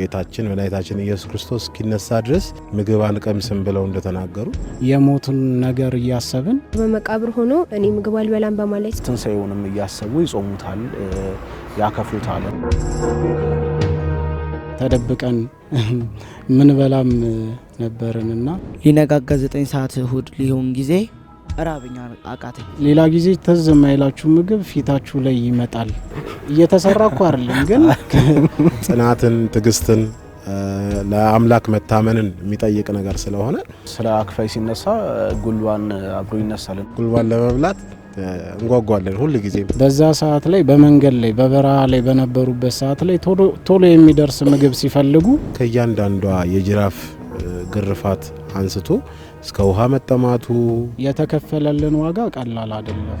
ጌታችን መድኃኒታችን ኢየሱስ ክርስቶስ እስኪነሳ ድረስ ምግብ አንቀምስም ብለው እንደተናገሩ የሞቱን ነገር እያሰብን በመቃብር ሆኖ እኔ ምግብ አልበላም በማለት ትንሣኤውንም እያሰቡ ይጾሙታል፣ ያከፍሉታል። ተደብቀን ምን በላም ነበርንና ሊነጋጋ ዘጠኝ ሰዓት እሁድ ሊሆን ጊዜ ራብኛ አቃተኝ። ሌላ ጊዜ ትዝ የማይላችሁ ምግብ ፊታችሁ ላይ ይመጣል። እየተሰራ እኮ አይደለም ግን ጽናትን፣ ትግስትን ለአምላክ መታመንን የሚጠይቅ ነገር ስለሆነ ስለ አክፋይ ሲነሳ ጉልባን አብሮ ይነሳል። ጉልባን ለመብላት እንጓጓለን ሁል ጊዜ። በዛ ሰዓት ላይ በመንገድ ላይ በበረሃ ላይ በነበሩበት ሰዓት ላይ ቶሎ የሚደርስ ምግብ ሲፈልጉ ከእያንዳንዷ የጅራፍ ግርፋት አንስቶ እስከ ውሃ መጠማቱ የተከፈለልን ዋጋ ቀላል አይደለም።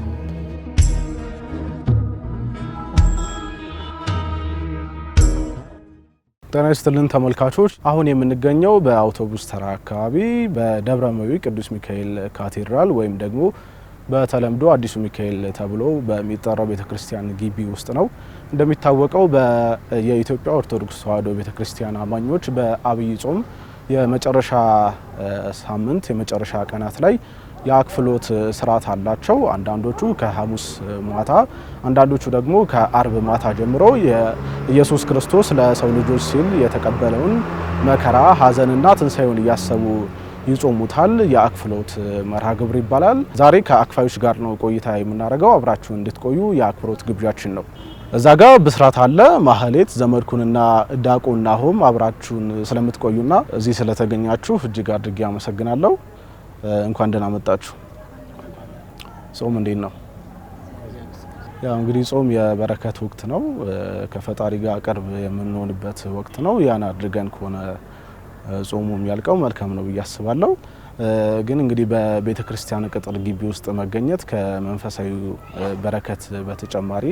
ጤና ይስጥልን ተመልካቾች፣ አሁን የምንገኘው በአውቶቡስ ተራ አካባቢ በደብረ መዊ ቅዱስ ሚካኤል ካቴድራል ወይም ደግሞ በተለምዶ አዲሱ ሚካኤል ተብሎ በሚጠራው ቤተክርስቲያን ግቢ ውስጥ ነው። እንደሚታወቀው የኢትዮጵያ ኦርቶዶክስ ተዋሕዶ ቤተክርስቲያን አማኞች በአብይ ጾም የመጨረሻ ሳምንት የመጨረሻ ቀናት ላይ የአክፍሎት ስርዓት አላቸው። አንዳንዶቹ ከሐሙስ ማታ፣ አንዳንዶቹ ደግሞ ከአርብ ማታ ጀምሮ የኢየሱስ ክርስቶስ ለሰው ልጆች ሲል የተቀበለውን መከራ ሐዘንና ትንሳኤውን እያሰቡ ይጾሙታል። የአክፍሎት መርሃ ግብር ይባላል። ዛሬ ከአክፋዮች ጋር ነው ቆይታ የምናደርገው። አብራችሁ እንድትቆዩ የአክብሮት ግብዣችን ነው። እዛ ጋር ብስራት አለ ማህሌት ዘመድኩንና ዳቆን ናሆም አብራችሁን ስለምትቆዩና እዚህ ስለተገኛችሁ እጅግ አድርጌ አመሰግናለሁ። እንኳን ደህና መጣችሁ። ጾም እንዴት ነው? ያው እንግዲህ ጾም የበረከት ወቅት ነው። ከፈጣሪ ጋር ቅርብ የምንሆንበት ወቅት ነው። ያን አድርገን ከሆነ ጾሙ የሚያልቀው መልካም ነው ብዬ አስባለሁ። ግን እንግዲህ በቤተ ክርስቲያን ቅጥር ግቢ ውስጥ መገኘት ከመንፈሳዊ በረከት በተጨማሪ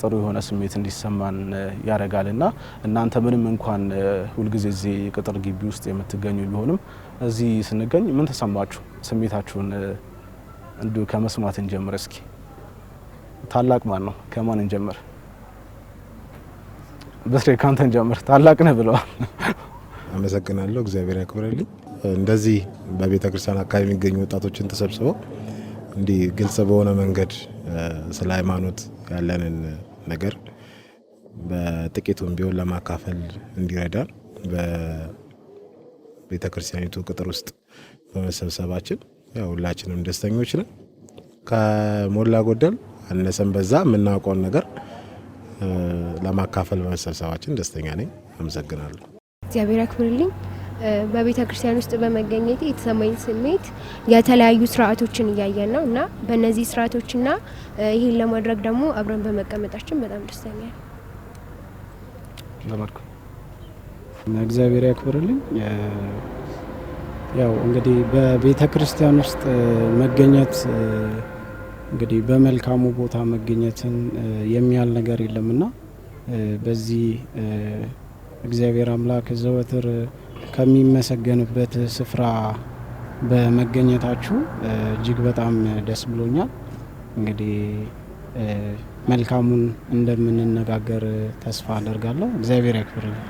ጥሩ የሆነ ስሜት እንዲሰማን ያደርጋል እና እናንተ ምንም እንኳን ሁልጊዜ እዚህ ቅጥር ግቢ ውስጥ የምትገኙ ቢሆንም እዚህ ስንገኝ ምን ተሰማችሁ? ስሜታችሁን እንዲሁ ከመስማት እንጀምር እስኪ። ታላቅ ማን ነው? ከማን እንጀምር? በስሬ ካንተ እንጀምር። ታላቅ ነህ ብለዋል። አመሰግናለሁ። እግዚአብሔር ያክብረልኝ። እንደዚህ በቤተ ክርስቲያን አካባቢ የሚገኙ ወጣቶችን ተሰብስበው እንዲህ ግልጽ በሆነ መንገድ ስለ ሃይማኖት ያለንን ነገር በጥቂቱም ቢሆን ለማካፈል እንዲረዳን በቤተ ክርስቲያኒቱ ቅጥር ውስጥ በመሰብሰባችን ሁላችንም ደስተኞች ነን። ከሞላ ጎደል አነሰን በዛ የምናውቀውን ነገር ለማካፈል በመሰብሰባችን ደስተኛ ነኝ። አመሰግናለሁ። እግዚአብሔር ያክብርልኝ። በቤተ ክርስቲያን ውስጥ በመገኘት የተሰማኝ ስሜት የተለያዩ ስርዓቶችን እያየን ነው እና በእነዚህ ስርዓቶችና ይህን ለማድረግ ደግሞ አብረን በመቀመጣችን በጣም ደስተኛ እግዚአብሔር ያክብርልኝ። ያው እንግዲህ በቤተ ክርስቲያን ውስጥ መገኘት እንግዲህ በመልካሙ ቦታ መገኘትን የሚያል ነገር የለምና በዚህ እግዚአብሔር አምላክ ዘወትር ከሚመሰገንበት ስፍራ በመገኘታችሁ እጅግ በጣም ደስ ብሎኛል። እንግዲህ መልካሙን እንደምንነጋገር ተስፋ አደርጋለሁ። እግዚአብሔር ያክብርልን።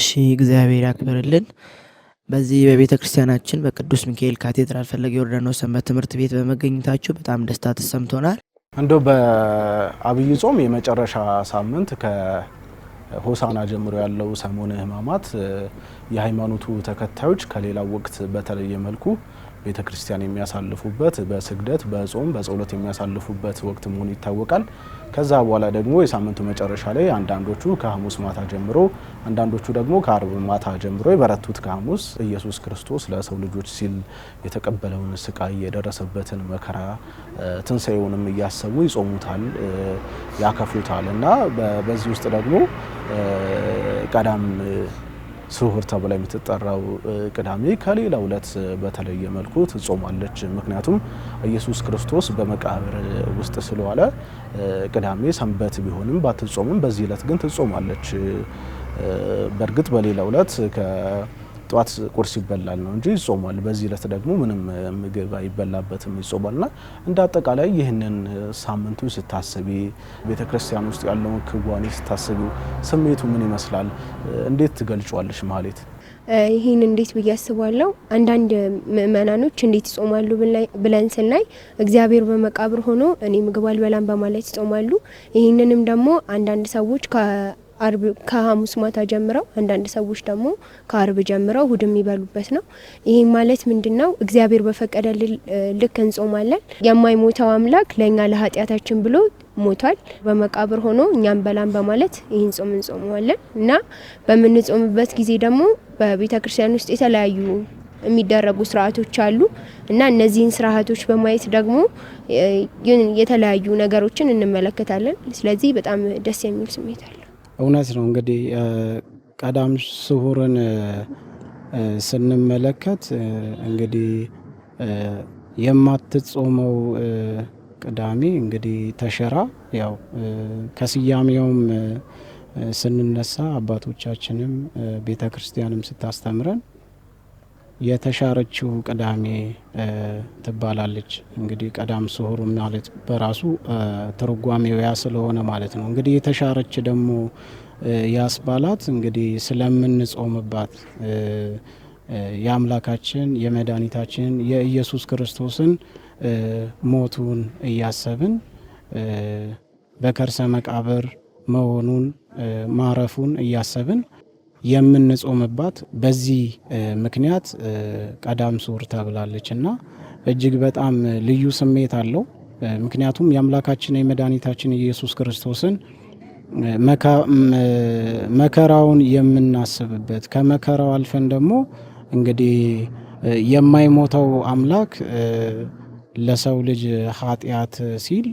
እሺ፣ እግዚአብሔር ያክብርልን። በዚህ በቤተ ክርስቲያናችን በቅዱስ ሚካኤል ካቴድራል ፈለገ ዮርዳኖስ ሰንበት ትምህርት ቤት በመገኘታችሁ በጣም ደስታ ተሰምቶናል። እንዶ በአብይ ጾም የመጨረሻ ሳምንት ሆሳና ጀምሮ ያለው ሰሞነ ሕማማት የሃይማኖቱ ተከታዮች ከሌላው ወቅት በተለየ መልኩ ቤተ ክርስቲያን የሚያሳልፉበት በስግደት፣ በጾም፣ በጸሎት የሚያሳልፉበት ወቅት መሆኑ ይታወቃል። ከዛ በኋላ ደግሞ የሳምንቱ መጨረሻ ላይ አንዳንዶቹ ከሐሙስ ማታ ጀምሮ አንዳንዶቹ ደግሞ ከአርብ ማታ ጀምሮ የበረቱት ከሐሙስ ኢየሱስ ክርስቶስ ለሰው ልጆች ሲል የተቀበለውን ስቃይ የደረሰበትን መከራ ትንሳኤውንም እያሰቡ ይጾሙታል፣ ያከፍሉታል እና በዚህ ውስጥ ደግሞ ቀዳም ስሁር ተብላ የምትጠራው ቅዳሜ ከሌላ ዕለት በተለየ መልኩ ትጾማለች። ምክንያቱም ኢየሱስ ክርስቶስ በመቃብር ውስጥ ስለዋለ ቅዳሜ ሰንበት ቢሆንም ባትጾምም፣ በዚህ ዕለት ግን ትጾማለች። በእርግጥ በሌላ ዕለት ጠዋት ቁርስ ይበላል ነው እንጂ ይጾማል። በዚህ ዕለት ደግሞ ምንም ምግብ አይበላበትም ይጾማልና እንደ አጠቃላይ ይህንን ሳምንቱ ስታስቢ፣ ቤተ ክርስቲያን ውስጥ ያለውን ክዋኔ ስታስቢ ስሜቱ ምን ይመስላል? እንዴት ትገልጫዋለሽ ማሌት ይህን እንዴት ብዬ አስባለሁ። አንዳንድ ምእመናኖች እንዴት ይጾማሉ ብለን ስናይ እግዚአብሔር በመቃብር ሆኖ እኔ ምግብ አልበላም በማለት ይጾማሉ። ይህንንም ደግሞ አንዳንድ ሰዎች አርብ ከሐሙስ ማታ ጀምረው አንዳንድ ሰዎች ደግሞ ከአርብ ጀምረው እሁድ የሚበሉበት ነው። ይህ ማለት ምንድን ነው? እግዚአብሔር በፈቀደ ልክ እንጾማለን። የማይሞተው አምላክ ለእኛ ለኃጢአታችን ብሎ ሞቷል። በመቃብር ሆኖ እኛም በላም በማለት ይህን ጾም እንጾመዋለን እና በምንጾምበት ጊዜ ደግሞ በቤተ ክርስቲያን ውስጥ የተለያዩ የሚደረጉ ስርዓቶች አሉ እና እነዚህን ስርዓቶች በማየት ደግሞ የተለያዩ ነገሮችን እንመለከታለን። ስለዚህ በጣም ደስ የሚል ስሜት አለ። እውነት ነው እንግዲህ ቀዳም ስሁርን ስንመለከት እንግዲህ የማትጾመው ቅዳሜ እንግዲህ ተሸራ ያው ከስያሜውም ስንነሳ አባቶቻችንም ቤተ ክርስቲያንም ስታስተምረን የተሻረችው ቅዳሜ ትባላለች። እንግዲህ ቀዳም ስዑር ማለት በራሱ ትርጓሜው ያ ስለሆነ ማለት ነው። እንግዲህ የተሻረች ደግሞ ያስባላት እንግዲህ ስለምንጾምባት የአምላካችን የመድኃኒታችን የኢየሱስ ክርስቶስን ሞቱን እያሰብን በከርሰ መቃብር መሆኑን ማረፉን እያሰብን የምንጾምባት በዚህ ምክንያት ቀዳም ስዑር ተብላለች እና እጅግ በጣም ልዩ ስሜት አለው። ምክንያቱም የአምላካችን የመድኃኒታችን ኢየሱስ ክርስቶስን መከራውን የምናስብበት ከመከራው አልፈን ደግሞ እንግዲህ የማይሞተው አምላክ ለሰው ልጅ ኃጢአት ሲል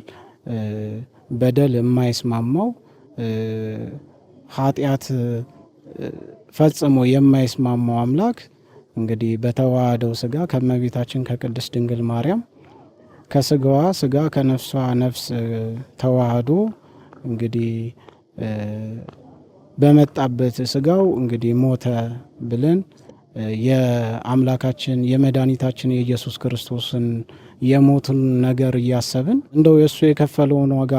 በደል የማይስማማው ኃጢአት ፈጽሞ የማይስማማው አምላክ እንግዲህ በተዋህደው ስጋ ከእመቤታችን ከቅድስት ድንግል ማርያም ከስጋዋ ስጋ ከነፍሷ ነፍስ ተዋህዶ እንግዲህ በመጣበት ስጋው እንግዲህ ሞተ ብለን የአምላካችን የመድኃኒታችን የኢየሱስ ክርስቶስን የሞትን ነገር እያሰብን እንደው የእሱ የከፈለውን ዋጋ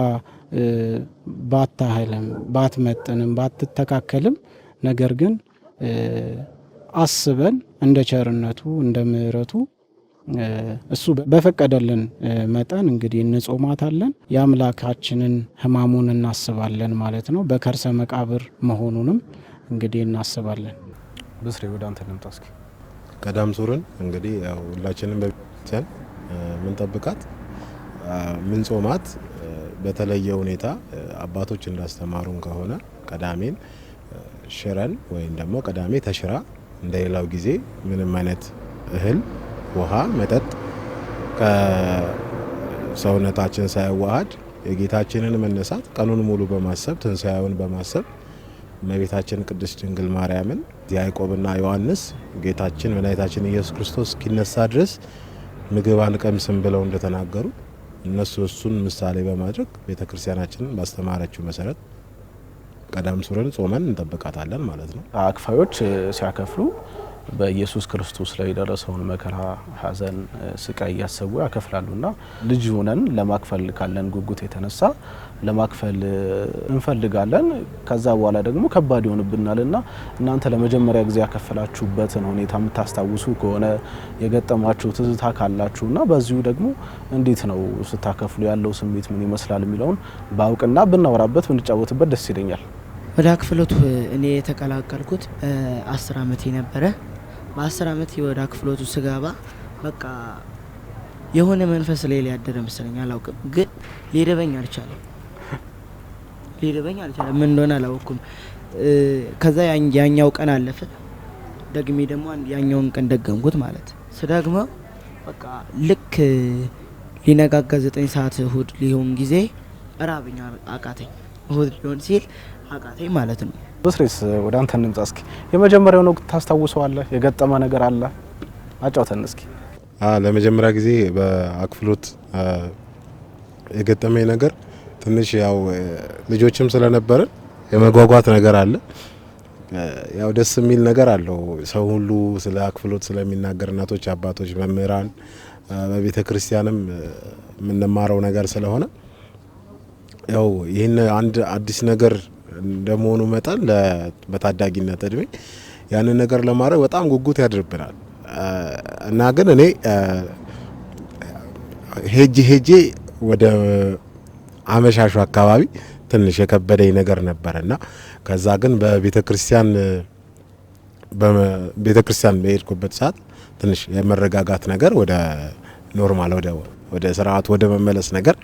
ባታህልም ባትመጥንም ባትተካከልም ነገር ግን አስበን እንደ ቸርነቱ እንደ ምሕረቱ እሱ በፈቀደልን መጠን እንግዲህ እንጾማታለን። የአምላካችንን ሕማሙን እናስባለን ማለት ነው። በከርሰ መቃብር መሆኑንም እንግዲህ እናስባለን። ብስሬ ወደ አንተ እስኪ። ቀዳም ሱርን እንግዲህ ያው ሁላችንም በቤተክርስቲያን ምንጠብቃት ምንጾማት በተለየ ሁኔታ አባቶች እንዳስተማሩን ከሆነ ቀዳሜን ሽረን ወይም ደግሞ ቅዳሜ ተሽራ እንደሌላው ጊዜ ምንም አይነት እህል፣ ውሃ፣ መጠጥ ከሰውነታችን ሳይዋሃድ የጌታችንን መነሳት ቀኑን ሙሉ በማሰብ ትንሣኤውን በማሰብ እመቤታችን ቅድስት ድንግል ማርያምን ያዕቆብና ዮሐንስ ጌታችን መድኃኒታችን ኢየሱስ ክርስቶስ እስኪነሳ ድረስ ምግብ አንቀምስም ብለው እንደተናገሩ እነሱ እሱን ምሳሌ በማድረግ ቤተ ክርስቲያናችንን ባስተማረችው መሰረት ቀዳም ሥዑርን ጾመን እንጠብቃታለን ማለት ነው። አክፋዮች ሲያከፍሉ በኢየሱስ ክርስቶስ ላይ የደረሰውን መከራ፣ ሐዘን፣ ስቃይ እያሰቡ ያከፍላሉና ልጅ ሆነን ለማክፈል ካለን ጉጉት የተነሳ ለማክፈል እንፈልጋለን። ከዛ በኋላ ደግሞ ከባድ ይሆንብናልና እናንተ ለመጀመሪያ ጊዜ ያከፈላችሁበትን ሁኔታ የምታስታውሱ ከሆነ የገጠማችሁ ትዝታ ካላችሁና በዚሁ ደግሞ እንዴት ነው ስታከፍሉ ያለው ስሜት ምን ይመስላል የሚለውን ባውቅና ብናወራበት ብንጫወትበት ደስ ይለኛል። ወደ አክፍሎት እኔ የተቀላቀልኩት በአስር አመት ነበረ። በአስር አመት ወደ አክፍሎቱ ስገባ በቃ የሆነ መንፈስ ላይ ሊያደረ መሰለኝ አላውቅም፣ ግን ሊርበኝ አልቻለም። ሊርበኝ አልቻለም። ምን እንደሆነ አላወኩም። ከዛ ያኛው ቀን አለፈ። ደግሜ ደግሞ ያኛውን ቀን ደገምኩት ማለት ስደግመው በቃ ልክ ሊነጋጋ ዘጠኝ ሰዓት እሁድ ሊሆን ጊዜ እራብኝ አቃተኝ። እሁድ ሊሆን ሲል አቃቴ ማለት ነው። ስሬስ ወደ አንተ እንምጣ እስኪ። የመጀመሪያው ነው ታስታውሰዋለህ? የገጠመ ነገር አለ? አጫውተን እስኪ። ለመጀመሪያ ጊዜ በአክፍሎት የገጠመኝ ነገር ትንሽ ያው ልጆችም ስለነበርን የመጓጓት ነገር አለ። ያው ደስ የሚል ነገር አለው። ሰው ሁሉ ስለ አክፍሎት ስለሚናገር እናቶች፣ አባቶች፣ መምህራን በቤተ ክርስቲያንም የምንማረው ነገር ስለሆነ ያው ይህን አንድ አዲስ ነገር እንደመሆኑ መጠን በታዳጊነት እድሜ ያንን ነገር ለማድረግ በጣም ጉጉት ያድርብናል እና ግን እኔ ሄጄ ሄጄ ወደ አመሻሹ አካባቢ ትንሽ የከበደኝ ነገር ነበረ እና ከዛ ግን በቤተ ክርስቲያን በቤተ ክርስቲያን በሄድኩበት ሰዓት ትንሽ የመረጋጋት ነገር ወደ ኖርማል ወደ ወደ ስርዓት ወደ መመለስ ነገር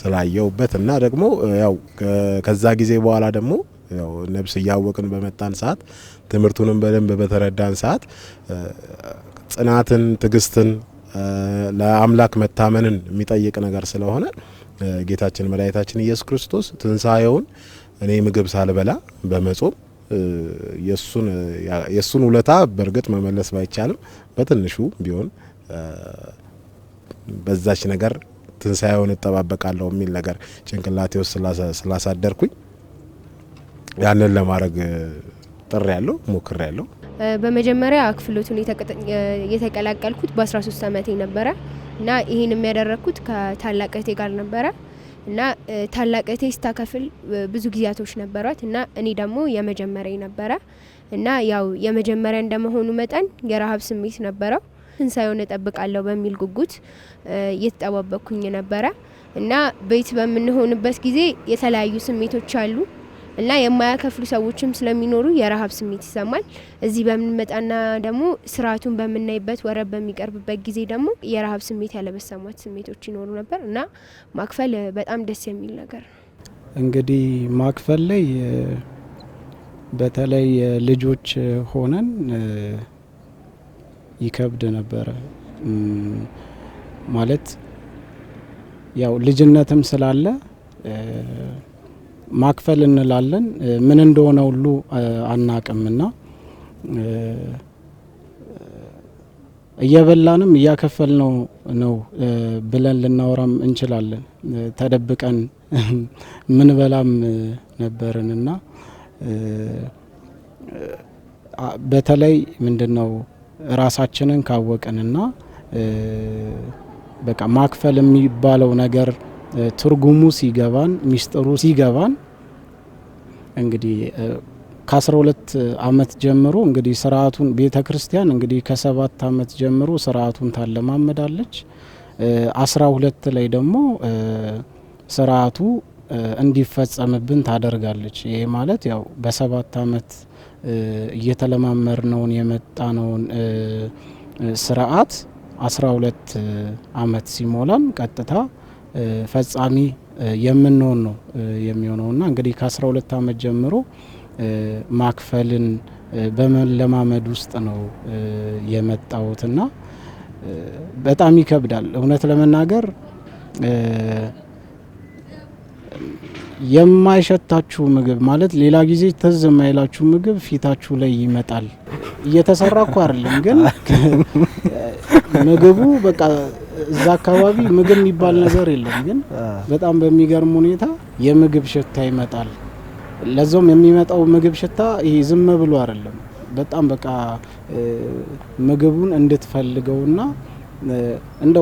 ስላየውበት እና ደግሞ ያው ከዛ ጊዜ በኋላ ደግሞ ያው ነብስ እያወቅን በመጣን ሰዓት ትምህርቱንም በደንብ በተረዳን ሰዓት ጽናትን፣ ትግስትን ለአምላክ መታመንን የሚጠይቅ ነገር ስለሆነ ጌታችን መድኃኒታችን ኢየሱስ ክርስቶስ ትንሣኤውን እኔ ምግብ ሳልበላ በመጾም የእሱን ውለታ በእርግጥ መመለስ ባይቻልም በትንሹ ቢሆን በዛች ነገር ትንሳኤውን እጠባበቃለሁ የሚል ነገር ጭንቅላቴ ውስጥ ስላሳደርኩኝ ያንን ለማድረግ ጥር ያለው ሞክር ያለው። በመጀመሪያ ክፍሎቱን የተቀላቀልኩት በ13 ዓመቴ ነበረ እና ይህን የሚያደረግኩት ከታላቀቴ ጋር ነበረ እና ታላቀቴ ስታከፍል ብዙ ጊዜያቶች ነበሯት እና እኔ ደግሞ የመጀመሪያ ነበረ እና ያው የመጀመሪያ እንደመሆኑ መጠን የረሀብ ስሜት ነበረው። ትንሳኤውን እጠብቃለሁ በሚል ጉጉት እየተጠባበኩኝ ነበረ እና ቤት በምንሆንበት ጊዜ የተለያዩ ስሜቶች አሉ እና የማያከፍሉ ሰዎችም ስለሚኖሩ የረሀብ ስሜት ይሰማል። እዚህ በምንመጣና ደግሞ ስርዓቱን በምናይበት ወረብ በሚቀርብበት ጊዜ ደግሞ የረሀብ ስሜት ያለበሰማት ስሜቶች ይኖሩ ነበር እና ማክፈል በጣም ደስ የሚል ነገር ነው። እንግዲህ ማክፈል ላይ በተለይ ልጆች ሆነን ይከብድ ነበረ ማለት ያው ልጅነትም ስላለ ማክፈል እንላለን ምን እንደሆነ ሁሉ አናቅምና እየበላንም እያከፈል ነው ነው ብለን ልናወራም እንችላለን። ተደብቀን ምን በላም ነበርንና እና በተለይ ምንድን ነው ራሳችንን ካወቅንና በቃ ማክፈል የሚባለው ነገር ትርጉሙ ሲገባን ሚስጥሩ ሲገባን እንግዲህ ከአስራ ሁለት አመት ጀምሮ እንግዲህ ስርአቱን ቤተ ክርስቲያን እንግዲህ ከሰባት አመት ጀምሮ ስርዓቱን ታለማመዳለች። አስራ ሁለት ላይ ደግሞ ስርዓቱ እንዲፈጸምብን ታደርጋለች። ይሄ ማለት ያው በሰባት አመት እየተለማመርነውን የመጣነውን ስርዓት አስራ ሁለት አመት ሲሞላን ቀጥታ ፈጻሚ የምንሆን ነው የሚሆነውና እንግዲህ ከአስራ ሁለት አመት ጀምሮ ማክፈልን በመለማመድ ውስጥ ነው የመጣሁትና በጣም ይከብዳል እውነት ለመናገር የማይሸታችሁ ምግብ ማለት ሌላ ጊዜ ትዝ የማይላችሁ ምግብ ፊታችሁ ላይ ይመጣል። እየተሰራ እኮ አይደለም፣ ግን ምግቡ በቃ እዛ አካባቢ ምግብ የሚባል ነገር የለም፣ ግን በጣም በሚገርም ሁኔታ የምግብ ሽታ ይመጣል። ለዛውም የሚመጣው ምግብ ሽታ ይሄ ዝም ብሎ አይደለም። በጣም በቃ ምግቡን እንድትፈልገውና እንደ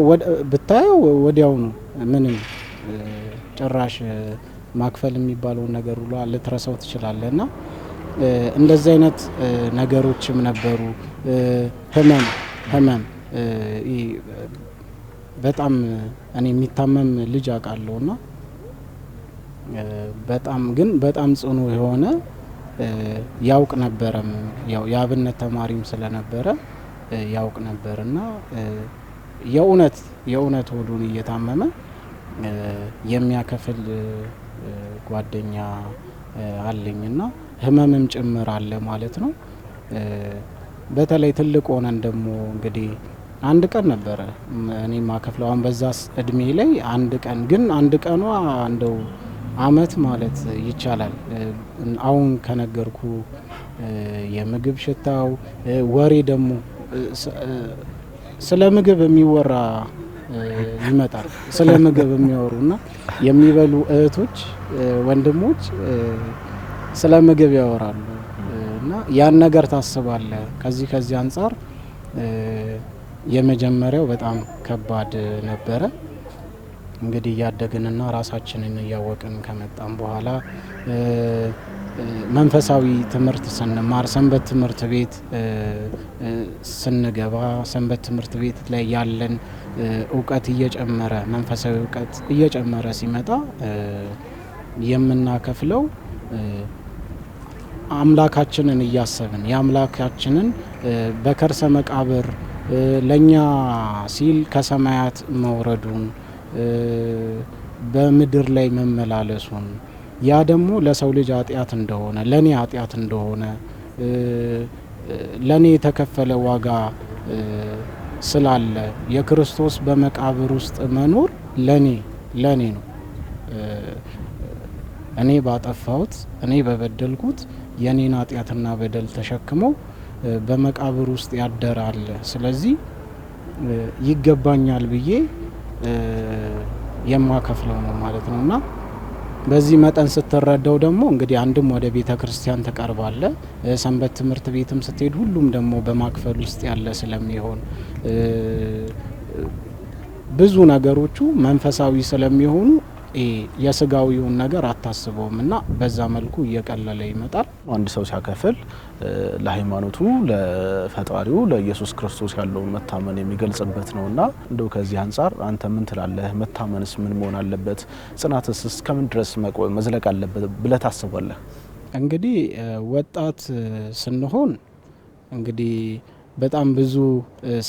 ብታየው ወዲያውኑ ምንም ጭራሽ ማክፈል የሚባለውን ነገር ሁሉ ልትረሳው ትችላለህ እና እንደዚህ አይነት ነገሮችም ነበሩ። ህመም ህመም በጣም እኔ የሚታመም ልጅ አውቃለሁ እና በጣም ግን በጣም ጽኑ የሆነ ያውቅ ነበረም ያው የአብነት ተማሪም ስለነበረ ያውቅ ነበር እና የእውነት የእውነት ሆዱን እየታመመ የሚያከፍል ጓደኛ አለኝ እና ህመምም ጭምር አለ ማለት ነው። በተለይ ትልቅ ሆነን ደግሞ እንግዲህ አንድ ቀን ነበረ እኔ ማከፍለው አሁን በዛ እድሜ ላይ አንድ ቀን ግን አንድ ቀኗ እንደው አመት ማለት ይቻላል። አሁን ከነገርኩ የምግብ ሽታው ወሬ ደግሞ ስለ ምግብ የሚወራ ይመጣል። ስለ ምግብ እና የሚበሉ እህቶች፣ ወንድሞች ስለ ምግብ ያወራሉ እና ያን ነገር ታስባለ። ከዚህ ከዚህ አንጻር የመጀመሪያው በጣም ከባድ ነበረ። እንግዲህ እያደግንና ራሳችንን እያወቅን ከመጣም በኋላ መንፈሳዊ ትምህርት ስንማር ሰንበት ትምህርት ቤት ስንገባ ሰንበት ትምህርት ቤት ላይ ያለን እውቀት እየጨመረ መንፈሳዊ እውቀት እየጨመረ ሲመጣ የምናከፍለው አምላካችንን እያሰብን የአምላካችንን በከርሰ መቃብር ለእኛ ሲል ከሰማያት መውረዱን በምድር ላይ መመላለሱን ያ ደግሞ ለሰው ልጅ ኃጢአት እንደሆነ ለእኔ ኃጢአት እንደሆነ ለእኔ የተከፈለ ዋጋ ስላለ የክርስቶስ በመቃብር ውስጥ መኖር ለኔ ለኔ ነው። እኔ ባጠፋሁት እኔ በበደልኩት የኔን ኃጢአትና በደል ተሸክሞ በመቃብር ውስጥ ያደራል። ስለዚህ ይገባኛል ብዬ የማከፍለው ነው ማለት ነውና በዚህ መጠን ስትረዳው ደግሞ እንግዲህ አንድም ወደ ቤተ ክርስቲያን ትቀርባለ፣ ሰንበት ትምህርት ቤትም ስትሄድ ሁሉም ደግሞ በማክፈል ውስጥ ያለ ስለሚሆን ብዙ ነገሮቹ መንፈሳዊ ስለሚሆኑ የስጋዊውን ነገር አታስበውም እና በዛ መልኩ እየቀለለ ይመጣል። አንድ ሰው ሲያከፍል ለሃይማኖቱ፣ ለፈጣሪው፣ ለኢየሱስ ክርስቶስ ያለውን መታመን የሚገልጽበት ነው እና እንደው ከዚህ አንጻር አንተ ምን ትላለህ? መታመንስ ምን መሆን አለበት? ጽናትስ እስከምን ድረስ መዝለቅ አለበት ብለህ ታስባለህ? እንግዲህ ወጣት ስንሆን እንግዲህ በጣም ብዙ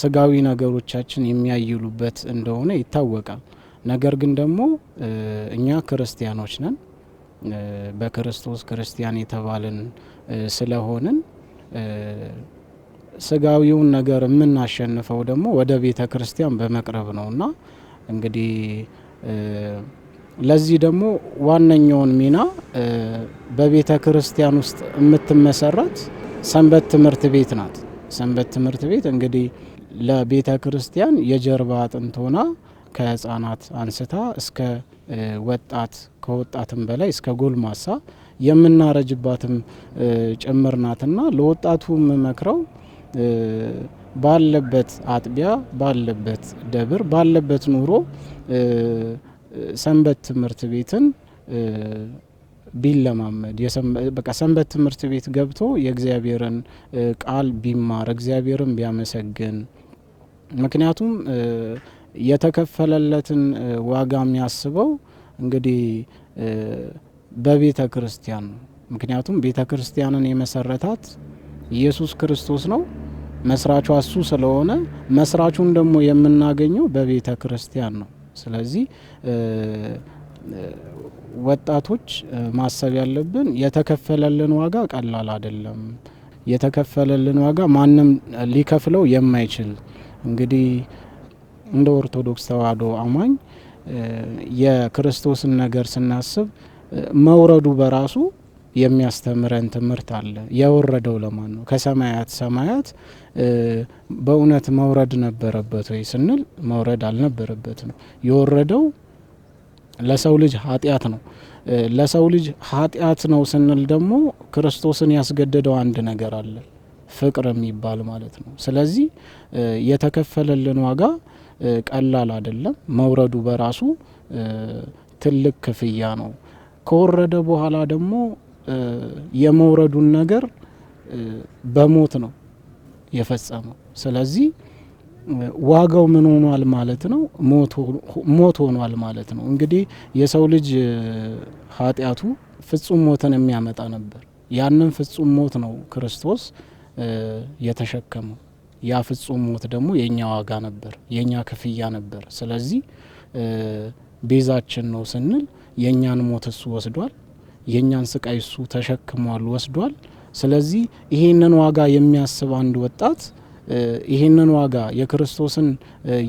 ስጋዊ ነገሮቻችን የሚያይሉበት እንደሆነ ይታወቃል። ነገር ግን ደግሞ እኛ ክርስቲያኖች ነን። በክርስቶስ ክርስቲያን የተባልን ስለሆንን ስጋዊውን ነገር የምናሸንፈው ደግሞ ወደ ቤተ ክርስቲያን በመቅረብ ነው እና እንግዲህ ለዚህ ደግሞ ዋነኛውን ሚና በቤተ ክርስቲያን ውስጥ የምትመሰረት ሰንበት ትምህርት ቤት ናት። ሰንበት ትምህርት ቤት እንግዲህ ለቤተ ክርስቲያን የጀርባ አጥንት ሆና ከህጻናት አንስታ እስከ ወጣት ከወጣትም በላይ እስከ ጎልማሳ የምናረጅባትም ጭምር ናትና ለወጣቱ የምመክረው ባለበት አጥቢያ ባለበት ደብር ባለበት ኑሮ ሰንበት ትምህርት ቤትን ቢለማመድ በቃ ሰንበት ትምህርት ቤት ገብቶ የእግዚአብሔርን ቃል ቢማር እግዚአብሔርን ቢያመሰግን ምክንያቱም የተከፈለለትን ዋጋ የሚያስበው እንግዲህ በቤተ ክርስቲያን ነው። ምክንያቱም ቤተ ክርስቲያንን የመሰረታት ኢየሱስ ክርስቶስ ነው። መስራቿ እሱ ስለሆነ መስራቹን ደግሞ የምናገኘው በቤተ ክርስቲያን ነው። ስለዚህ ወጣቶች ማሰብ ያለብን የተከፈለልን ዋጋ ቀላል አይደለም። የተከፈለልን ዋጋ ማንም ሊከፍለው የማይችል እንግዲህ እንደ ኦርቶዶክስ ተዋህዶ አማኝ የክርስቶስን ነገር ስናስብ መውረዱ በራሱ የሚያስተምረን ትምህርት አለ። የወረደው ለማን ነው? ከሰማያት ሰማያት በእውነት መውረድ ነበረበት ወይ ስንል መውረድ አልነበረበት ነው። የወረደው ለሰው ልጅ ኃጢአት ነው። ለሰው ልጅ ኃጢአት ነው ስንል ደግሞ ክርስቶስን ያስገደደው አንድ ነገር አለ፣ ፍቅር የሚባል ማለት ነው። ስለዚህ የተከፈለልን ዋጋ ቀላል አይደለም። መውረዱ በራሱ ትልቅ ክፍያ ነው። ከወረደ በኋላ ደግሞ የመውረዱን ነገር በሞት ነው የፈጸመው። ስለዚህ ዋጋው ምን ሆኗል ማለት ነው? ሞት ሆኗል ማለት ነው። እንግዲህ የሰው ልጅ ኃጢአቱ ፍጹም ሞትን የሚያመጣ ነበር። ያንን ፍጹም ሞት ነው ክርስቶስ የተሸከመው። ያ ፍጹም ሞት ደግሞ የእኛ ዋጋ ነበር፣ የእኛ ክፍያ ነበር። ስለዚህ ቤዛችን ነው ስንል የእኛን ሞት እሱ ወስዷል፣ የእኛን ስቃይ እሱ ተሸክሟል፣ ወስዷል። ስለዚህ ይሄንን ዋጋ የሚያስብ አንድ ወጣት ይሄንን ዋጋ የክርስቶስን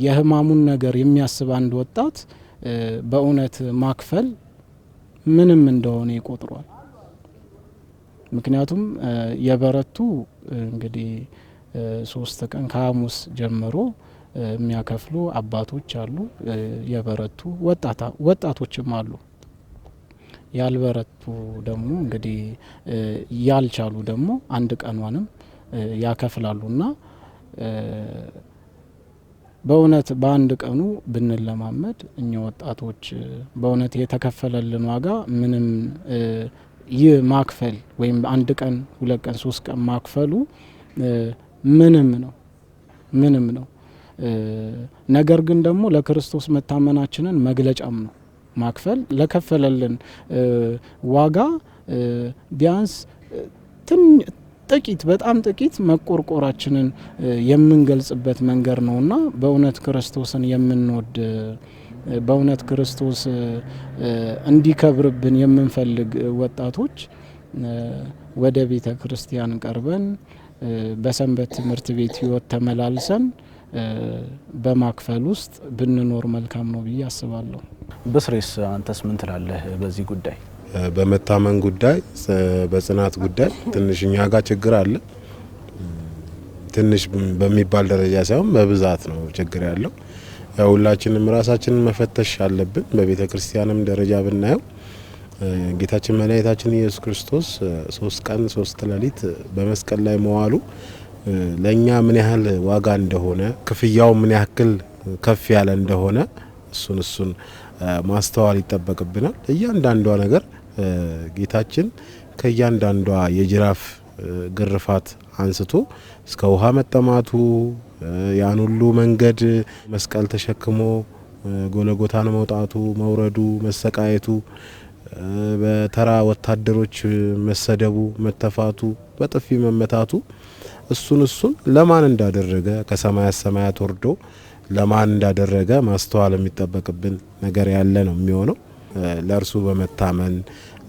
የህማሙን ነገር የሚያስብ አንድ ወጣት በእውነት ማክፈል ምንም እንደሆነ ይቆጥሯል። ምክንያቱም የበረቱ እንግዲህ ሶስት ቀን ከሐሙስ ጀምሮ የሚያከፍሉ አባቶች አሉ። የበረቱ ወጣቶችም አሉ። ያልበረቱ ደግሞ እንግዲህ ያልቻሉ ደግሞ አንድ ቀኗንም ያከፍላሉ ያከፍላሉና በእውነት በአንድ ቀኑ ብንለማመድ እኛ ወጣቶች በእውነት የተከፈለልን ዋጋ ምንም ይህ ማክፈል ወይም አንድ ቀን ሁለት ቀን ሶስት ቀን ማክፈሉ ምንም ነው ምንም ነው። ነገር ግን ደግሞ ለክርስቶስ መታመናችንን መግለጫም ነው ማክፈል ለከፈለልን ዋጋ ቢያንስ ጥቂት በጣም ጥቂት መቆርቆራችንን የምንገልጽበት መንገድ ነውና በእውነት ክርስቶስን የምንወድ በእውነት ክርስቶስ እንዲከብርብን የምንፈልግ ወጣቶች ወደ ቤተ ክርስቲያን ቀርበን በሰንበት ትምህርት ቤት ህይወት ተመላልሰን በማክፈል ውስጥ ብንኖር መልካም ነው ብዬ አስባለሁ። ብስሬስ አንተስ ምን ትላለህ በዚህ ጉዳይ? በመታመን ጉዳይ፣ በጽናት ጉዳይ ትንሽ እኛ ጋር ችግር አለ። ትንሽ በሚባል ደረጃ ሳይሆን በብዛት ነው ችግር ያለው። ያው ሁላችንም ራሳችንን መፈተሽ አለብን። በቤተ ክርስቲያንም ደረጃ ብናየው ጌታችን መድኃኒታችን ኢየሱስ ክርስቶስ ሶስት ቀን ሶስት ሌሊት በመስቀል ላይ መዋሉ ለእኛ ምን ያህል ዋጋ እንደሆነ ክፍያው ምን ያክል ከፍ ያለ እንደሆነ እሱን እሱን ማስተዋል ይጠበቅብናል። እያንዳንዷ ነገር ጌታችን ከእያንዳንዷ የጅራፍ ግርፋት አንስቶ እስከ ውሃ መጠማቱ ያን ሁሉ መንገድ መስቀል ተሸክሞ ጎለጎታን መውጣቱ፣ መውረዱ፣ መሰቃየቱ በተራ ወታደሮች መሰደቡ፣ መተፋቱ፣ በጥፊ መመታቱ እሱን እሱን ለማን እንዳደረገ ከሰማያት ሰማያት ወርዶ ለማን እንዳደረገ ማስተዋል የሚጠበቅብን ነገር ያለ ነው የሚሆነው። ለእርሱ በመታመን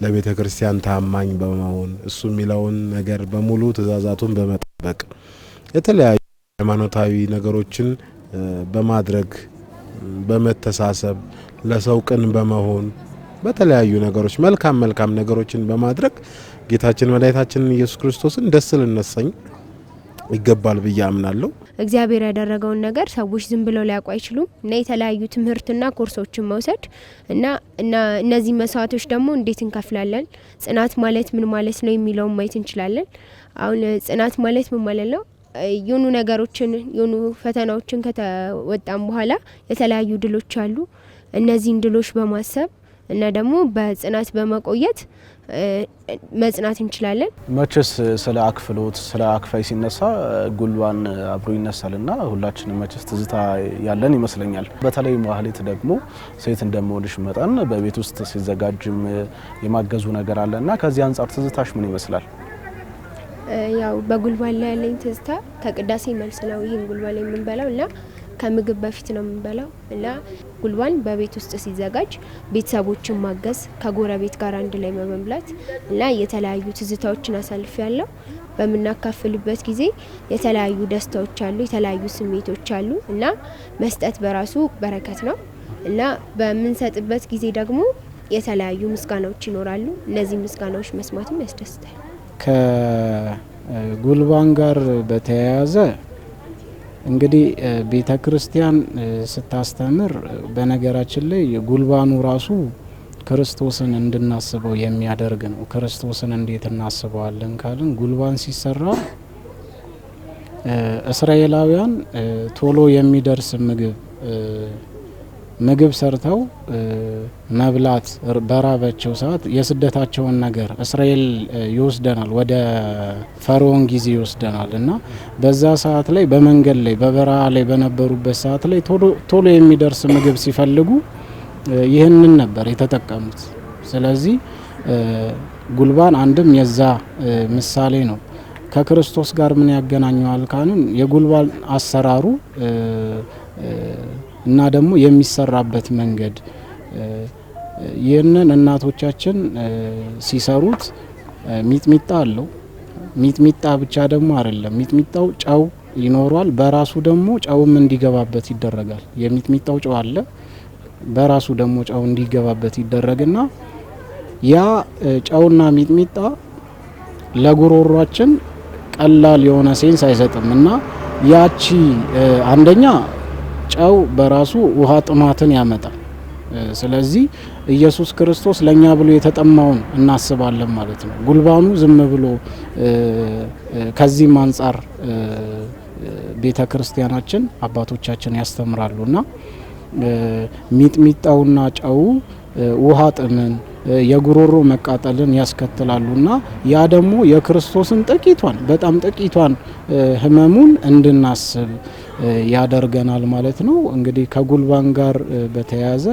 ለቤተ ክርስቲያን ታማኝ በመሆን እሱ የሚለውን ነገር በሙሉ ትእዛዛቱን በመጠበቅ የተለያዩ ሃይማኖታዊ ነገሮችን በማድረግ በመተሳሰብ ለሰው ቅን በመሆን በተለያዩ ነገሮች መልካም መልካም ነገሮችን በማድረግ ጌታችን መድኃኒታችን ኢየሱስ ክርስቶስን ደስ ልነሰኝ ይገባል ብዬ አምናለሁ። እግዚአብሔር ያደረገውን ነገር ሰዎች ዝም ብለው ሊያውቁ አይችሉም እና የተለያዩ ትምህርትና ኮርሶችን መውሰድ እና እነዚህ መስዋዕቶች ደግሞ እንዴት እንከፍላለን፣ ጽናት ማለት ምን ማለት ነው የሚለውን ማየት እንችላለን። አሁን ጽናት ማለት ምን ማለት ነው? የሆኑ ነገሮችን የሆኑ ፈተናዎችን ከተወጣም በኋላ የተለያዩ ድሎች አሉ። እነዚህን ድሎች በማሰብ እና ደግሞ በጽናት በመቆየት መጽናት እንችላለን። መቼስ ስለ አክፍሎት ስለ አክፋይ ሲነሳ ጉልባን አብሮ ይነሳል እና ሁላችንም መቼስ ትዝታ ያለን ይመስለኛል። በተለይ ማህሌት ደግሞ ሴት እንደመሆንሽ መጠን በቤት ውስጥ ሲዘጋጅም የማገዙ ነገር አለ እና ከዚህ አንጻር ትዝታሽ ምን ይመስላል? ያው በጉልባን ላይ ያለኝ ትዝታ ከቅዳሴ መልስ ነው ይህን ጉልባን ላይ የምንበላው እና ከምግብ በፊት ነው የምንበላው እና ጉልባን በቤት ውስጥ ሲዘጋጅ ቤተሰቦችን ማገዝ፣ ከጎረቤት ጋር አንድ ላይ መመምላት እና የተለያዩ ትዝታዎችን አሳልፍ ያለው በምናካፍልበት ጊዜ የተለያዩ ደስታዎች አሉ፣ የተለያዩ ስሜቶች አሉ እና መስጠት በራሱ በረከት ነው እና በምንሰጥበት ጊዜ ደግሞ የተለያዩ ምስጋናዎች ይኖራሉ። እነዚህ ምስጋናዎች መስማትም ያስደስታል። ከጉልባን ጋር በተያያዘ እንግዲህ ቤተ ክርስቲያን ስታስተምር በነገራችን ላይ ጉልባኑ ራሱ ክርስቶስን እንድናስበው የሚያደርግ ነው። ክርስቶስን እንዴት እናስበዋለን ካልን ጉልባን ሲሰራ እስራኤላውያን ቶሎ የሚደርስ ምግብ ምግብ ሰርተው መብላት በራበቸው ሰዓት የስደታቸውን ነገር እስራኤል ይወስደናል፣ ወደ ፈርዖን ጊዜ ይወስደናል እና በዛ ሰዓት ላይ በመንገድ ላይ በበረሃ ላይ በነበሩበት ሰዓት ላይ ቶሎ የሚደርስ ምግብ ሲፈልጉ ይህንን ነበር የተጠቀሙት። ስለዚህ ጉልባን አንድም የዛ ምሳሌ ነው። ከክርስቶስ ጋር ምን ያገናኘዋል ካልን የጉልባን አሰራሩ እና ደግሞ የሚሰራበት መንገድ ይህንን እናቶቻችን ሲሰሩት ሚጥሚጣ አለው። ሚጥሚጣ ብቻ ደግሞ አይደለም፣ ሚጥሚጣው ጨው ይኖሯል። በራሱ ደግሞ ጨውም እንዲገባበት ይደረጋል። የሚጥሚጣው ጨው አለ፣ በራሱ ደግሞ ጨው እንዲገባበት ይደረግና ያ ጨውና ሚጥሚጣ ለጉሮሯችን ቀላል የሆነ ሴንስ አይሰጥም እና ያቺ አንደኛ ጨው በራሱ ውሃ ጥማትን ያመጣል። ስለዚህ ኢየሱስ ክርስቶስ ለእኛ ብሎ የተጠማውን እናስባለን ማለት ነው። ጉልባኑ ዝም ብሎ ከዚህም አንጻር ቤተ ክርስቲያናችን አባቶቻችን ያስተምራሉና ሚጥሚጣውና ጨው ውሃ ጥምን የጉሮሮ መቃጠልን ያስከትላሉ እና ያ ደግሞ የክርስቶስን ጥቂቷን በጣም ጥቂቷን ህመሙን እንድናስብ ያደርገናል ማለት ነው። እንግዲህ ከጉልባን ጋር በተያያዘ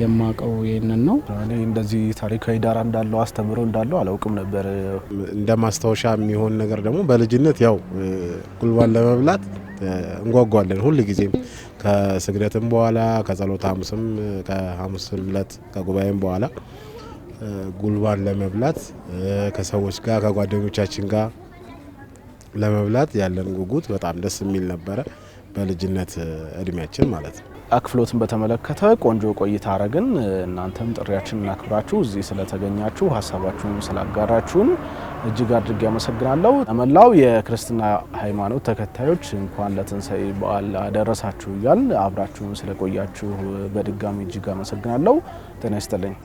የማቀው ይህንን ነው። እኔ እንደዚህ ታሪካዊ ዳራ እንዳለው አስተምሮ እንዳለው አላውቅም ነበር። እንደ ማስታወሻ የሚሆን ነገር ደግሞ በልጅነት ያው ጉልባን ለመብላት እንጓጓለን ሁል ጊዜም ከስግደትም በኋላ ከጸሎት ሐሙስም ከሐሙስ ዕለት ከጉባኤም በኋላ ጉልባን ለመብላት ከሰዎች ጋር ከጓደኞቻችን ጋር ለመብላት ያለን ጉጉት በጣም ደስ የሚል ነበረ፣ በልጅነት እድሜያችን ማለት ነው። አክፍሎትን በተመለከተ ቆንጆ ቆይታ አረግን። እናንተም ጥሪያችንን አክብራችሁ እዚህ ስለተገኛችሁ ሀሳባችሁን ስላጋራችሁን እጅግ አድርጌ አመሰግናለሁ። መላው የክርስትና ሃይማኖት ተከታዮች እንኳን ለትንሣኤ በዓል አደረሳችሁ እያል አብራችሁን ስለቆያችሁ በድጋሚ እጅግ አመሰግናለሁ። ጤና ይስጥልኝ።